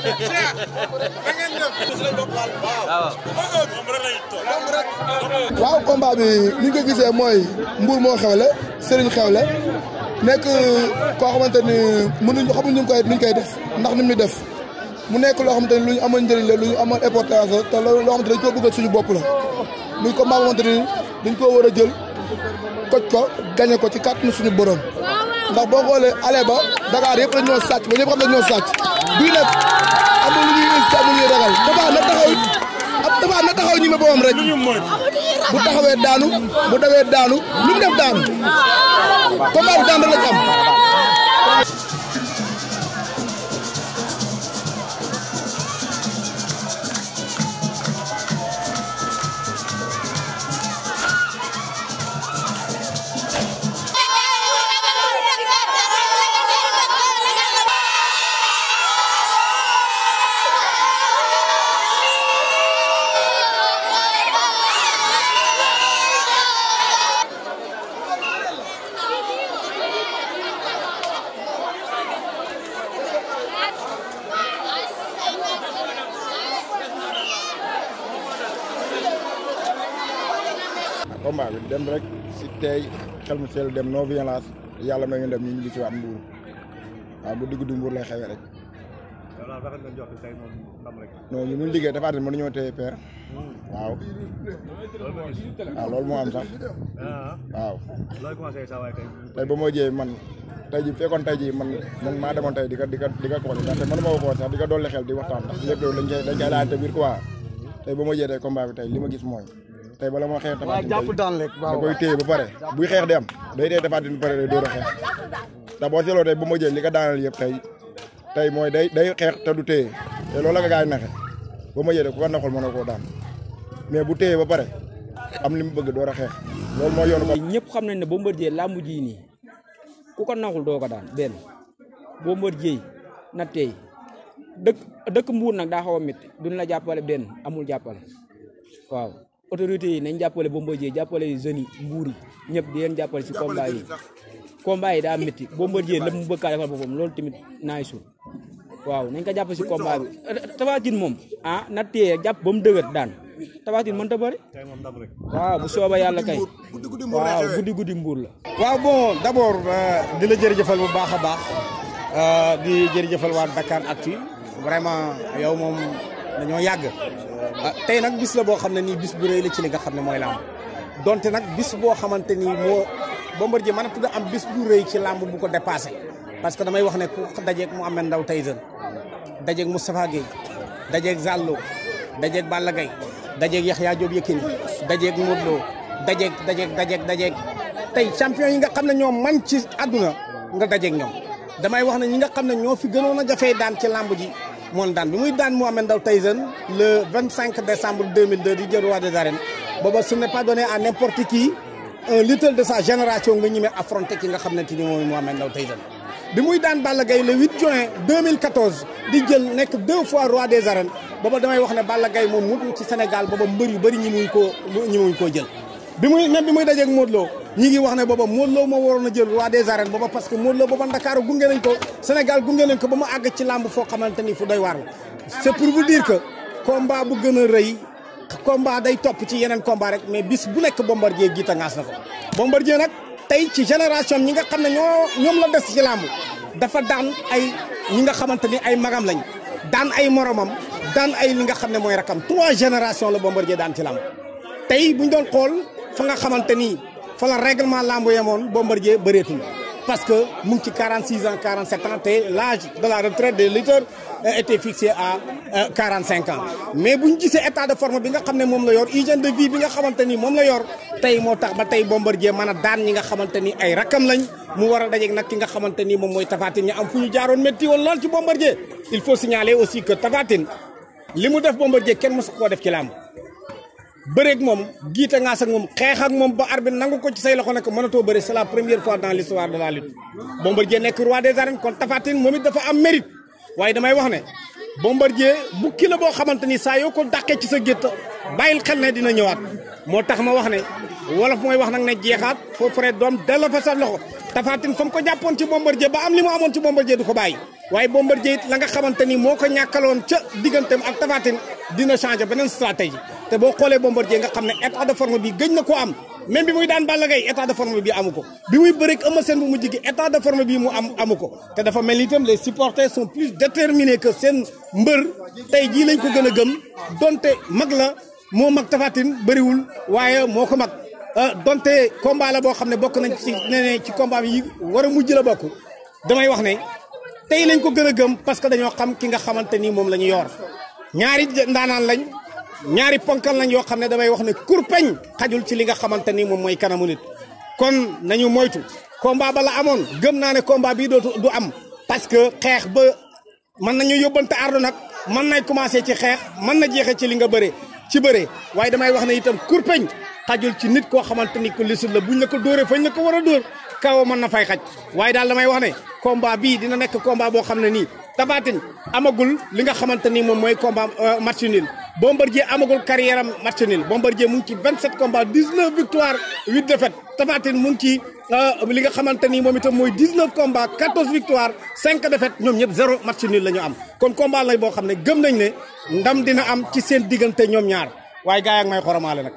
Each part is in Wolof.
Cheikh waaw combat bi ni ko gisee mooy Mbour moo xewle Serigne xewle nekk koo xamante ni mënuñ xamuñ ñu koy nuñ koy def ndax ni muy def mu nekk loo xamante ni lu amoon njëriñ la lu ñu amoon importance te loolu loo xamante ni dañ koo bëggal suñu bopp la muy combat boo xamante dañ koo war a jël koj ko gañe ko ci kàttanu suñu borom ndax boo xoolee ale ba Dakar yëpp dañ ñoo sàcc ba ñëpp xam dañ ñoo sàcc. bii nag amul lu ñuy indi amul lu ñuy ragal Tapha na taxaw Tapha na taxaw ñi ma boobam rek bu daanu mu def daanu combat bi daan rek la combat bi dem rek si tey xel mu seel dem non violence yàlla may ñu dem ñu ngi ci waat mbuur waaw bu digg du mbuur lay xewee rek. non ñu mun liggéey dafa at mën nañoo téye père waaw waaw loolu moo am sax waaw tey ba moo jëyee man tey ji fekkoon tey ji man man maa demoon tey di ka di ka di ka kooñe ndaxte mënuma ko sax di ka dolli xel di waxtaan ndax lépp loolu dañ koy dañ koy laajte biir quoi tey ba moo jëyee tey combat bi tey li ma gis mooy tey bala moo xeex Tapha Tine jàpp daan lekk waaw da koy téye ba pare buy xeex di am day téye Tapha ba pare day door a xeex boo seetloo tey bu ma jël li ko daanal yëpp tey tey mooy day day xeex te du téye te loolu la nga naxe ba ma jëlee ku ko naxul mën na koo daan mais bu téye ba pare am li mu bëgg doo a xeex moo mooy yoonu ko ñëpp xam nañ ne Bombardier làmb ji nii ku ko naxul doo ko daan benn Bombardier na tey dëkk dëkk mbuur nag daa xaw a métti duñ la jàppale benn amul jàppale autorités yi nañ jàppale Bombardier jàppale jeunes yi nguur yi ñëpp di leen jàppale si combat yi combat yi daa métti Bombardier la mu bëgg kaa defal boppam loolu tamit naay sul waaw nañ ko jàpp si combat bi euh, Tapha moom ah na téye jàpp ba mu dëgër daan Tapha Tine mënta bëri waaw bu sooba yàlla kay waaw guddi guddi mbuur la waaw bon d'abord euh, di jër jëfal bu baax a baax euh, di jërëjëfal waa Dakar Actu vraiment yow moom dañoo yàgg ah, tey nag bis la boo xam ne nii bis bu rëy la ci li nga xam ne mooy làmb donte nag bis boo xamante ni moo Bombardier man a tudd am bis bu rëy ci lamb bu ko dépassé parce que damay wax ne ku dajeeg mu amee ndaw Tyson dajeeg Moustapha Gueye dajeeg Zallo dajeeg Balla Gaye dajeeg Yaxya Diop Yékini dajeeg Modou Lo dajeeg dajeeg dajeeg dajeeg tey champion yi nga xam ne ñoom man ci àdduna nga dajeeg ñoom damay wax ne ñi nga xam ne ñoo fi gënoon a jafee daan ci làmb ji moom daan bi muy dan Mohamed Ndao Tyson le 25 décembre 2002 di jël roi des arènes booba ce n'est pas donné à n'importe qui un little de sa génération nga ñemee affronter ki nga xamante ni mooy Mohamed Ndao Tyson bi muy dan ballagay le 8 juin 2014 di jël nek deux fois roi des arènes booba damay wax né ballagay Gaye moom mu ci Sénégal booba mbeur yu bari ñi muñ ko ñi muñ ko jël bi muy même bi muy dajé ak modlo ñi ngi wax ne bobo mo Lo mo waroon a jël roi des arènes bobo parce que mo Lo bobo Dakar gunge nañ ko Sénégal gunge nañ ko bama ag ci lamb fo xamanteni fu doy war c'est pour vous dire que combat bu gëna reuy combat day top ci yenen combat rek mais bis bu nek bombardier gita ngass na ko bombardier nak tay ci génération ñi nga xamné ñoo ñom la dess ci lamb dafa daan ay ñi nga xamanteni ay magam lañ daan ay moromam dan ay li nga xamné moy rakam trois générations le bombardier daan ci lamb tay buñ doon xol fa nga xamanteni fa la règlement lamb yemoon Bombardier bëreetul parce que mu ci 46 ans 47 ans te l'âge de la retraite des lutteurs euh, était fixé à 45 euh, ans mais bu gissé état de forme bi nga xamné mom la yor hygiène de vie bi nga xamante mom la yor tay moo tax ba tay Bombardier mën daan ñi nga xamante ay rakam lañ mu wara dajé nak ki nga xamante mom moy tafatine ñi am fuñu jaaroon métti woon ci Bombardier il faut signaler aussi que tafatine limu def Bombardier kenn mosu ko def ci lamb bëreeg moom giita ngaas ak moom xeex moom ba arbitre nangu ko ci say loxo nag mënatoo bëri sa la première fois dans l'histoire de la lutte Bombardier nekk roi des arènes kon Tapha Tine moom it dafa am mérite waaye damay wax ne Bombardier bukki boo xamante ni saa yoo ko dàqee ci sa gétt bàyyil xel ne dina ñëwaat moo tax ma wax ne wolof mooy wax nag ne jeexaat foo fare doom delloo fa sa loxo Tapha Tine fa ko jàppoon ci Bombardier ba am li mu amoon ci Bombardier du ko bàyyi waaye Bombardier it la nga xamante ni moo ko ñàkkaloon ca digganteem ak Tapha Tine dina changer beneen stratégie te boo xoolee Bombardier nga xam ne état de forme bi gëj na ko am même bi muy daan Balla Gaye état de forme bi amu ko bi muy bëreeg Eumeu Sène bu mujj état de forme bi mu am amu ko te dafa mel ni itam les supporters sont plus déterminés que seen mbër tey jii lañ ko gën a gëm donte mag la moo mag Tapha bëriwul waaye moo ko mag euh, donte combat la boo xam ne bokk nañ ci ne ci combat yi war a mujj la bokk damay wax ne tey lañ ko gën a gëm parce que dañoo xam ki nga xamante ni moom la ñu yor. ñaari ndaanaan lañ ñaari ponkal lañ yoo xam ne damay wax ne kurpeñ xajul ci li nga xamante ni moom mooy kanamu nit kon nañu moytu combat bala amoon gëm naa ne combat bii dootu du am parce que xeex ba mën nañu yóbbante ardo nag mën nay commencé ci xeex man na jeexee ci li nga bëre ci bëre waaye damay wax ne itam kurpeñ xajul ci nit koo xamante ni ko lisul la buñ la ko dóoree fañ la war a dóor kaw mën na fay xaj waaye daal damay wax ne combat bii dina nekk combat boo xam ne nii Tapha amagul li nga xamante ni moom mooy combat euh, match nul Bombardier amagul carrière am match nul mu ngi ci 27 combats 19 victoires 8 défaites Tapha Tine mu ngi euh, li nga xamante ni moom itam mooy 19 combats 14 victoires 5 défaites ñoom ñëpp zéro match nul la ñu am. kon combat lay boo xam ne gëm nañ ne ndam dina am ci seen diggante ñoom ñaar waaye gars yi ak may xoromaale nag.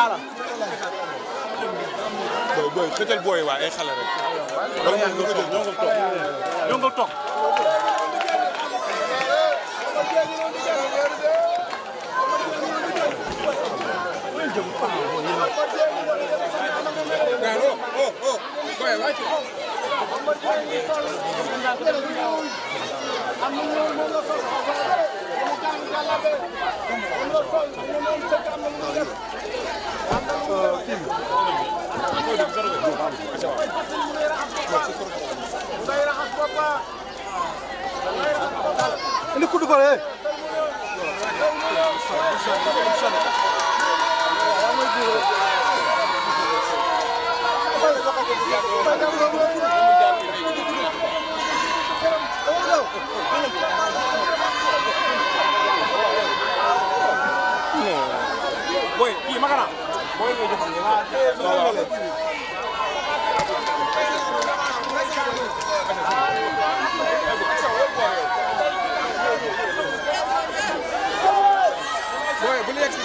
daala boy boy xëjal booy waay ay xale rek donc ñoo ko jël ñoo ko toog ñoo ko toog Thank you. اللي كله قال ايه Wait, you magana. Boy, bu ne yapıyorsun?